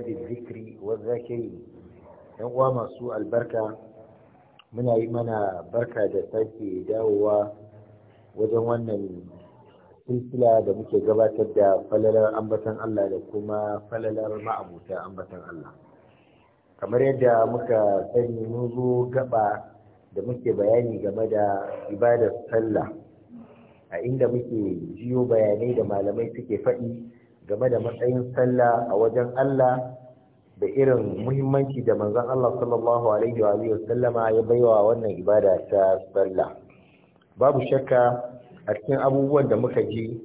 bi zikri wa zakiri yan uwa masu albarka muna yi mana barka da sake dawowa wajen wannan silsila da muke gabatar da falalar ambatan Allah da kuma falalar ma'abuta ambatan Allah kamar yadda muka sani mun zo gaba da muke bayani game da ibadar sallah a inda muke jiyo bayanai da malamai suke faɗi game da matsayin sallah a wajen Allah da irin muhimmanci da manzon Allah sallallahu alaihi wa sallama ya baiwa wannan ibada ta sallah babu shakka a cikin abubuwan da muka ji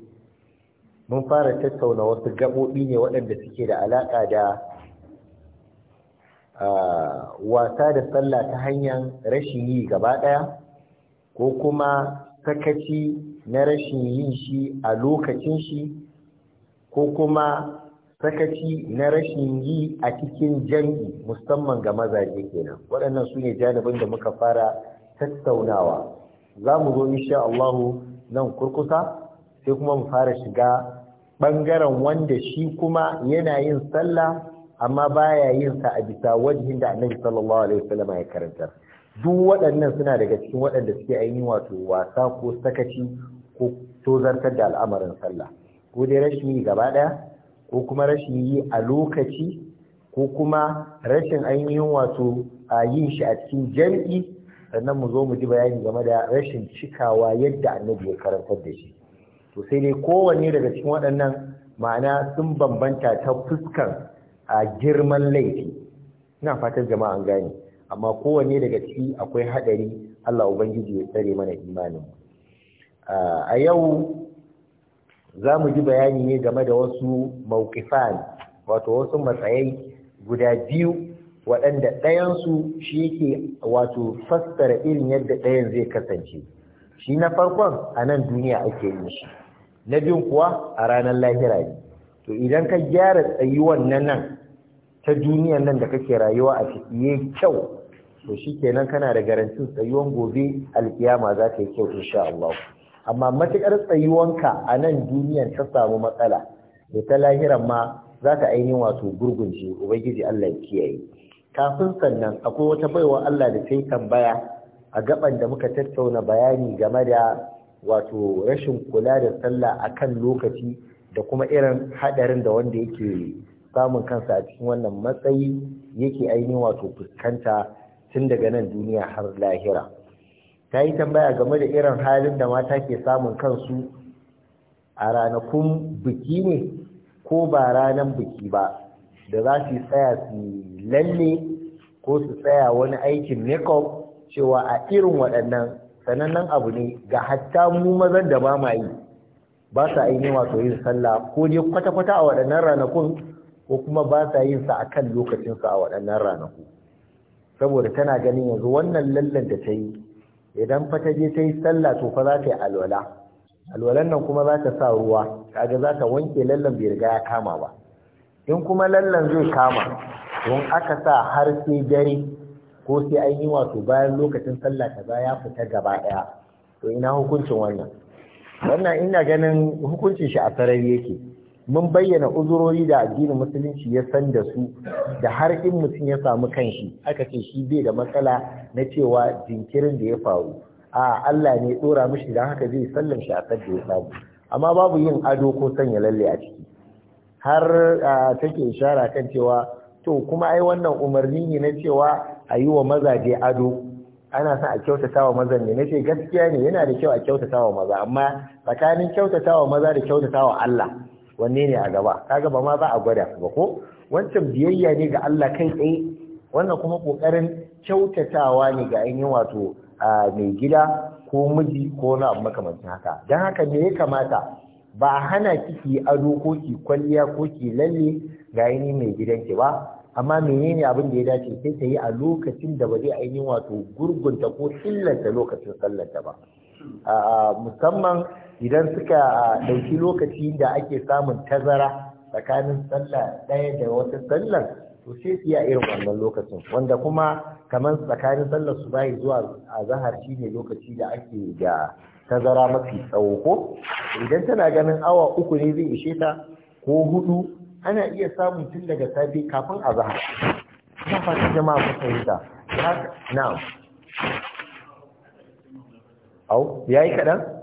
mun fara tattauna wasu gabobi ne waɗanda suke da alaƙa da wasa da sallah ta hanyar rashin yi gaba ɗaya ko kuma sakaci na rashin yin shi a lokacin shi ko kuma sakaci na rashin yi a cikin jam'i musamman ga mazaje kenan waɗannan su ne janibin da muka fara tattaunawa za mu zo insha Allahu nan kurkusa sai kuma mu fara shiga ɓangaren wanda shi kuma yana yin sallah amma baya yin sa a bisa wajihin da annabi sallallahu alaihi wasallam ya karanta duk waɗannan suna daga cikin waɗanda suke ainihin wato wasa ko sakaci ko tozartar da al'amarin sallah ko dai rashin yi gaba ɗaya ko kuma rashin yi a lokaci ko kuma rashin ainihin wato a yin shi a cikin jam'i sannan mu zo mu ji bayani game da rashin cikawa yadda annabi ya karantar da shi to sai dai kowanne daga cikin waɗannan ma'ana sun bambanta ta fuskar a girman laifi ina fatan jama'a an gane amma kowanne daga ciki akwai haɗari Allah ubangiji ya tsare mana imanin a yau za mu ji bayani ne game da wasu maukifan, wato wasu matsayai guda biyu waɗanda ɗayansu shi yake wato fassara irin yadda ɗayan zai kasance shi na farkon a nan duniya ake yin shi na biyun kuwa a ranar lahira ne to idan ka gyara tsayuwan na nan ta duniyan nan da kake rayuwa a ciki yayi kyau to shi shikenan kana da garantin tsayuwan gobe alkiyama za ta yi kyau insha Allah amma matuƙar tsayuwanka a nan duniyan ta samu matsala da ta lahiran ma za ta ainihin wato gurgunce ubangiji Allah ya kiyaye kafin sannan akwai wata baiwa Allah da sai tambaya a gaban da muka tattauna bayani game da wato rashin kula da sallah akan lokaci da kuma irin hadarin da wanda yake samun kansa a cikin wannan matsayi yake ainihin wato fuskanta tun daga nan duniya har lahira ta yi tambaya game da irin halin da mata ke samun kansu a ranakun biki ne ko ba ranan biki ba da za su tsaya su lalle ko su tsaya wani aikin makeup cewa a irin waɗannan sanannen abu ne ga hatta mu mazan da ba ma yi ba sa ne wato yin sallah ko dai kwata-kwata a waɗannan ranakun ko kuma ba sa yin sa akan lokacinsa a waɗannan ranaku saboda tana ganin yanzu wannan lallan da ta yi idan fa ta je ta yi sallah to fa za ta yi alwala alwalan nan kuma za ta sa ruwa kaga za ta wanke lallan bai riga ya kama ba in kuma lallan zai kama don aka sa har sai dare ko sai an yi wato bayan lokacin sallah ta ya fita gaba daya to ina hukuncin wannan wannan ina ganin hukuncin shi a sarari yake mun bayyana uzurori da addinin musulunci ya san da su da har in mutum ya samu kanshi aka ce shi bai da matsala na cewa jinkirin da ya faru a Allah ne dora mishi dan haka zai sallan shi a kan da ya samu amma babu yin ado ko sanya lalle a ciki har take ishara kan cewa to kuma ai wannan umarni ne na cewa a yi wa mazaje ado ana son a kyautata wa mazan ne nace gaskiya ne yana da kyau a kyautata wa maza amma tsakanin kyautata wa maza da kyautata wa Allah wanne ne a gaba kaga ba ma ba a gwada ba ko wancan biyayya ne ga Allah kai tsaye wannan kuma kokarin kyautatawa ne ga ainihin wato mai gida ko miji ko na abu makamancin haka dan haka me ya kamata ba a hana kiki ado ko ki kwalliya ko ki lalle ga ainihin mai gidan gidanki ba amma menene abin da ya dace sai ta yi a lokacin da ba zai ainihin wato gurgunta ko illanta lokacin sallanta ba musamman idan suka ɗauki lokaci da ake samun tazara tsakanin sallah ɗaya da wata sallar to sai su yi irin wannan lokacin wanda kuma kamar tsakanin sallar su bayi zuwa a zahar shi ne lokaci da ake da tazara mafi tsawo ko idan tana ganin awa uku ne zai ishe ta ko hudu ana iya samun tun daga safe kafin a zahar ta fata jama'a ku fahimta na'am au yayi kaɗan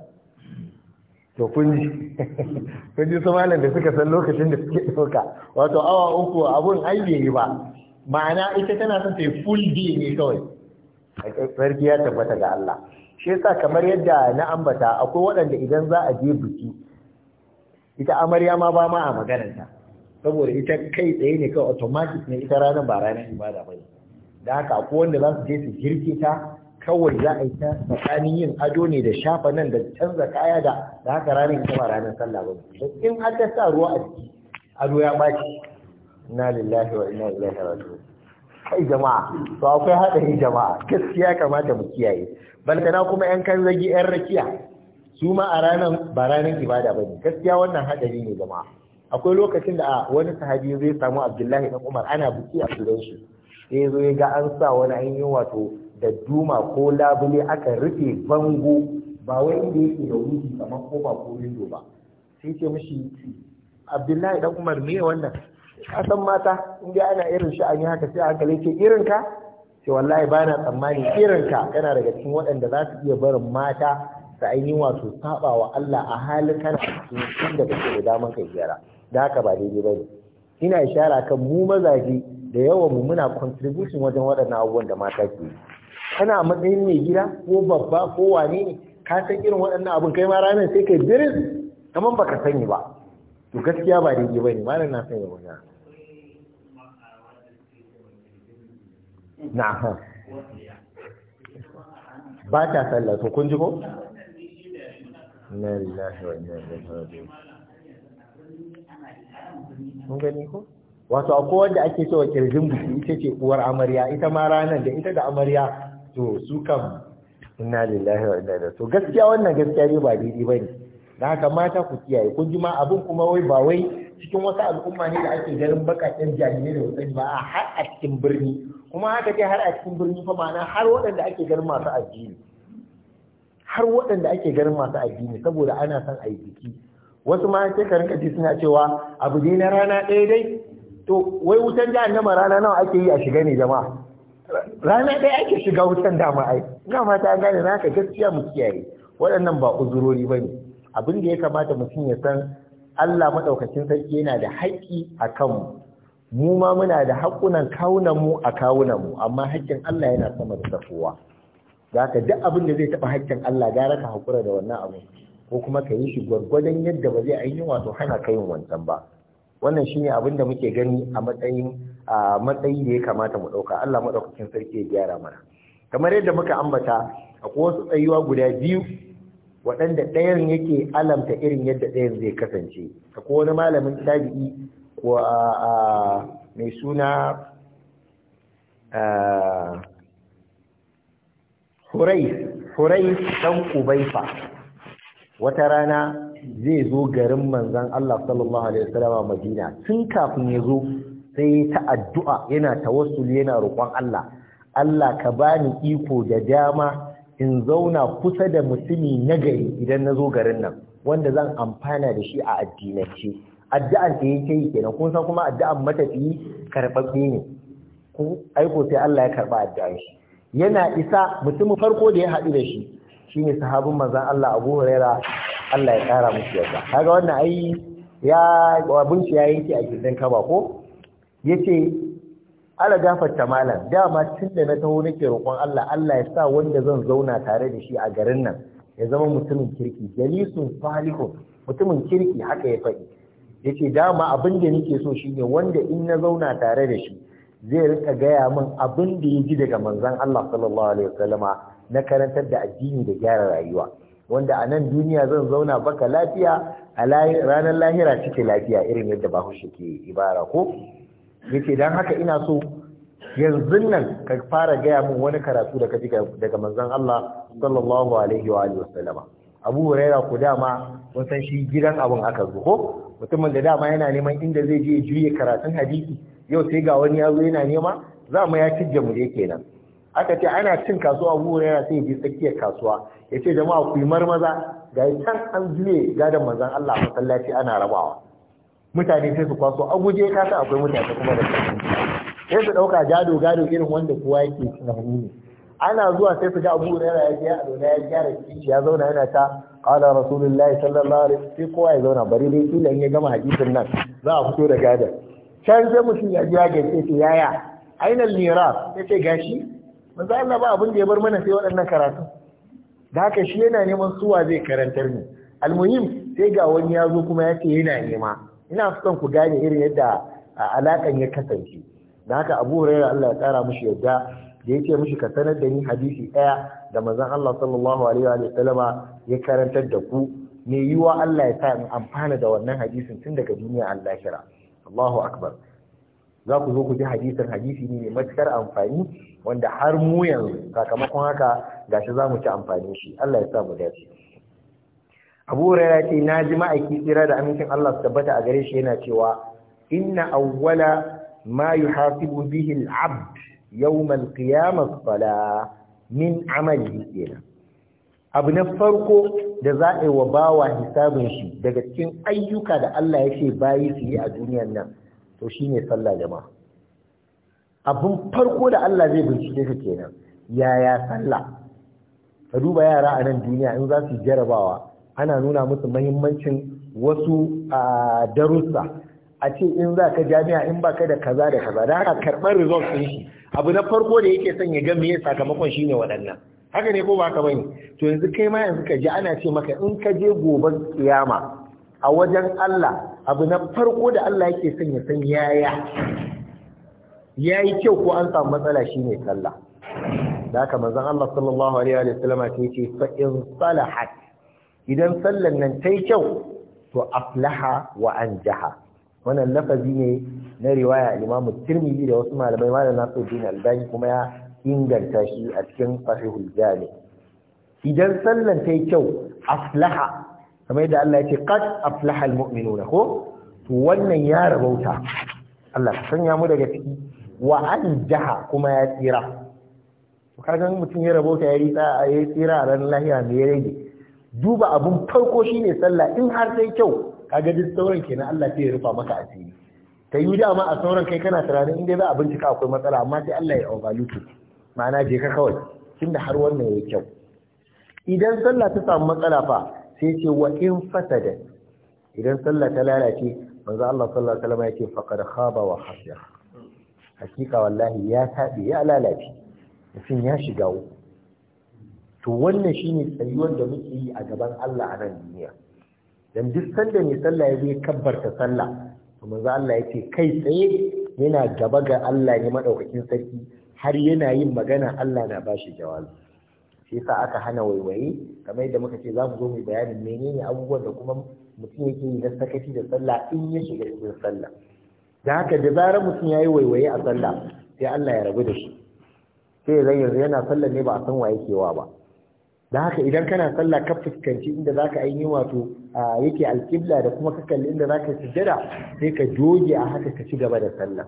to kun ji malam da suka san lokacin da suke ɗauka wato awa uku abun ai bai yi ba ma'ana ita tana son ta yi full day ne kawai sarki ya tabbata ga Allah shi yasa kamar yadda na ambata akwai waɗanda idan za a je biki ita amarya ma ba ma a maganarta saboda ita kai tsaye ne kawai automatic ne ita ranar ba ranar ibada ba da haka akwai wanda za su je su girke ta kawai za a yi ta tsakanin yin ado ne da shafa nan da canza kaya da da haka ranar ta ba ranar sallah ba in har ta sa ruwa a ciki ado ya baki Na lillahi wa inna ilaihi raji'un kai jama'a to akwai haɗari jama'a gaskiya kamata mu kiyaye balkana kuma yan kan yan rakiya su ma a ranar ba ranar ibada ba ne gaskiya wannan haɗari ne jama'a akwai lokacin da a wani sahabi zai samu abdullahi dan umar ana buki a gidan shi sai zo ya ga an sa wani an yi wato da duma ko labule aka rufe bango ba wai inda yake da wuri kamar ba ko windo ba sai ce mishi abdullahi dan umar me wannan ka san mata in dai ana irin yi haka sai aka lace irin ka sai wallahi ba na tsammani irin ka kana daga cikin waɗanda za su iya barin mata su ainihin wato saba wa Allah a halin kana cikin da kake da daman kai gyara da haka ba daidai ba ne ina ishara kan mu mazaje da yawan mu muna contribution wajen waɗannan abubuwan da mata ke kana matsayin mai gida ko babba ko wane ne ka san irin waɗannan abin kai ma ranar sai kai biris ba baka sani ba to gaskiya ba daidai bane malam na sanya wani ha ba ta sallah to kun ji ko lillahi wa inna ilaihi raji'un mun gani ko wato akwai wanda ake cewa kirjin buki ita ce uwar amarya ita ma ranar da ita da amarya to su kam inna lillahi wa inna ilaihi to gaskiya wannan gaskiya ne ba daidai bane dan haka mata ku kiyaye kun ji ma abun kuma wai ba wai cikin wasu al'umma ne da ake garin bakakken jahilai da wasan ba a har a cikin birni kuma haka dai har a cikin birni fa ma'ana har waɗanda ake garin masu addini har waɗanda ake garin masu addini saboda ana son a yi biki wasu ma sai ka rinka ji suna cewa abu ne na rana ɗaya dai to wai wutan jahannama rana nawa ake yi a shiga ne jama'a rana ɗaya ake shiga wutan dama ai ina mata an gane ka gaskiya mu kiyaye waɗannan ba uzurori bane abin da ya kamata mutum ya san Allah madaukakin sarki yana da haƙƙi a kanmu mu ma muna da haƙunan kawunan mu a kawunan mu amma haƙƙin Allah yana sama da kowa zaka duk abin da zai taɓa haƙƙin Allah gara ka haƙura da wannan abu ko kuma ka yi shi gwargwadon yadda ba zai ainihin wato hana ka yin wancan ba wannan shine abin da muke gani a matsayin a matsayi da ya kamata mu ɗauka Allah maɗaukakin sarki ya gyara mana kamar yadda muka ambata akwai wasu tsayuwa guda biyu waɗanda ɗayan yake alamta irin yadda ɗayan zai kasance akwai wani malamin tabi'i ko mai suna Hurai ɗan Ubaifa wata rana zai zo garin manzan Allah sallallahu Alaihi a Madina tun kafin ya zo sai ta addu'a yana tawassuli yana roƙon Allah Allah ka bani iko da dama in zauna kusa da mutumi nagari idan na zo garin nan wanda zan amfana da shi a addinance addu'an da yake yi kenan kun san kuma addu'an matafiyi karɓaɓɓe ne ko aiko sai Allah ya karɓa addu'an shi yana isa mutumin farko da ya haɗu da shi shine sahabin manzon Allah Abu Huraira Allah ya ƙara musu yarda kaga wannan ai ya shi ya yanke a gidan kaba ko Ya ce, ala gafarta malam dama tun da na taho nake roƙon Allah Allah ya sa wanda zan zauna tare da shi a garin nan ya zama mutumin kirki jalisun falihun mutumin kirki haka ya faɗi Ya ce, dama abin da nake so shine wanda in na zauna tare da shi zai rika gaya min abin da ya ji daga manzan Allah sallallahu alaihi wasallama na karantar da addini da gyara rayuwa wanda a nan duniya zan zauna baka lafiya a ranar lahira cike lafiya irin yadda bahaushe ke ibara ko yace dan haka ina so yanzu nan ka fara gaya min wani karatu da ka ji daga manzon Allah sallallahu alaihi wa alihi wasallama Abu Huraira ku dama mun san shi gidan abun aka zo ko mutumin da dama yana neman inda zai je juye karatun hadisi yau sai ga wani yazo yana nema za mu ya cijje mu je kenan aka ce ana cin kasuwa Abu Huraira sai je tsakiyar kasuwa yace jama'a ku yi marmaza ga can an juye gadan manzon Allah masallaci ana rabawa mutane sai su kwaso a guje ka sa akwai mutane kuma da kasu sai su dauka gado gado irin wanda kowa yake tunani ne ana zuwa sai su ga Abu ne ya je a dona ya gyara kishi ya zauna yana ta qala rasulullahi sallallahu alaihi wasallam sai kowa ya zauna bari dai kila in ya gama hadisin nan za a fito da gadon can sai mutum ya ji ya gace sai yaya ainal lira sai gashi manzo Allah ba abin da ya bar mana sai waɗannan karatu da haka shi yana neman suwa zai karantar ne almuhim sai ga wani ya zo kuma ya ce yana nema ina son ku gane irin yadda alakan ya kasance da haka abu hurairah Allah ya tsara mushi yadda da ya ce mushi ka sanar da ni hadisi ɗaya. da manzon Allah sallallahu alaihi wa sallama ya karantar da ku me yiwa Allah ya sa in amfana da wannan hadisin tun daga duniya al lahira Allahu akbar za ku zo ku ji hadisin hadisi ne mai matukar amfani wanda har mu yanzu sakamakon haka gashi za mu ci amfani shi Allah ya sa mu dace abu hurairah ce na ji ma'aiki tsira da amincin Allah su tabbata a gare shi yana cewa inna awwala ma yuhasibu bihi al-abd yawm al-qiyamah sala min amali kenan abu na farko da za a yi wa bawa hisabin shi daga cikin ayyuka da Allah ya ce bayi su yi a duniyar nan to shine sallah jama'a abun farko da Allah zai bincike ka kenan yaya sallah ka duba yara a nan duniya in za su jarabawa ana nuna musu mahimmancin wasu a darussa a ce in za ka jami'a in ba ka da kaza da kaza da haka karɓar result ɗin shi abu na farko da yake son ya ga me sakamakon shi ne waɗannan haka ne ko ba ka bane to yanzu kai ma yanzu ka je, ana ce maka in ka je gobe kiyama a wajen Allah abu na farko da Allah yake son ya san yaya yayi kyau ko an samu matsala shine sallah da haka manzon Allah sallallahu alaihi wa sallam ce fa in salahat idan sallan nan ta yi kyau to aflaha wa an jaha wannan lafazi ne na riwaya imamu tirmidhi da wasu malamai malam nasiruddin albani kuma ya inganta shi a cikin sahihul jami idan sallan ta yi kyau aflaha kamar yadda Allah ya ce qad aflaha almu'minuna ko to wannan ya rabauta Allah ka sanya mu daga ciki wa an jaha kuma ya tsira kaga mutum ya rabauta ya rita ya tsira a ranar lahiya me ya rage duba abun farko shi ne sallah in har sai kyau ka duk sauran na Allah sai ya rufa maka asiri ta yi dama a sauran kai kana tunanin inda za a bincika akwai matsala amma sai Allah ya overlook ma'ana je ka kawai da har wannan ya kyau idan sallah ta samu matsala fa sai ce wa in fasada idan sallah ta lalace manzo Allah sallallahu alaihi wasallam yake faqad khaba wa khasya hakika wallahi ya tabi ya lalace mutum ya shiga uku to wannan shine tsayuwar da muke yi a gaban Allah a nan duniya dan duk sanda mai sallah ya zai kabbarta sallah to manzo Allah yake kai tsaye yana gaba ga Allah ne madaukakin sarki har yana yin magana Allah na bashi jawabi shi yasa aka hana waiwaye kamar yadda muka ce za mu zo mu bayani menene abubuwan da kuma mutum yake yi na sakaci da sallah in ya shiga cikin sallah da haka da zarar mutum ya yi waiwaye a sallah sai Allah ya rabu da shi sai zai yanzu yana sallah ne ba a san wa yake wa ba da haka idan kana sallah ka fuskanci inda zaka ainihin wato yake alƙibla da kuma ka kalli inda zaka sujjada sai ka doge a haka ka ci gaba da sallah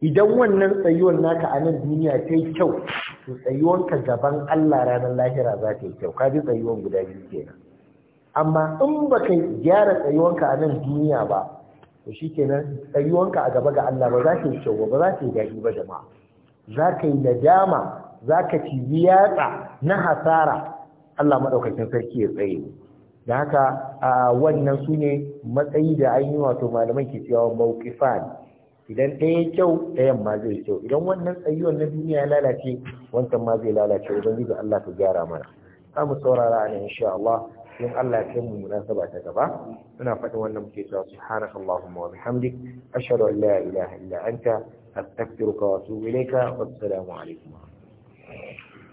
idan wannan tsayuwar naka a nan duniya ta yi kyau to ka gaban Allah ranar lahira za ta yi kyau ka ji tsayuwar guda biyu kenan amma in ba ka gyara tsayuwanka a nan duniya ba to shi kenan tsayuwanka a gaba ga Allah ba za ta yi kyau ba za ta yi daɗi ba jama'a za ka yi nadama ka ci yatsa na hasara Allah maɗaukacin sarki ya tsaye da haka wannan su ne matsayi da an yi wato malaman ke cewa mawqifan idan ɗaya kyau ɗayan ma zai kyau idan wannan tsayuwar na duniya ya lalace wancan ma zai lalace ubangiji Allah ka gyara mana za mu saurara ne insha Allah in Allah ya kai mu munasaba ta gaba ina faɗin wannan muke cewa subhanakallahumma wa bihamdik ashhadu an la ilaha illa anta astaghfiruka wa atubu ilayka alaikum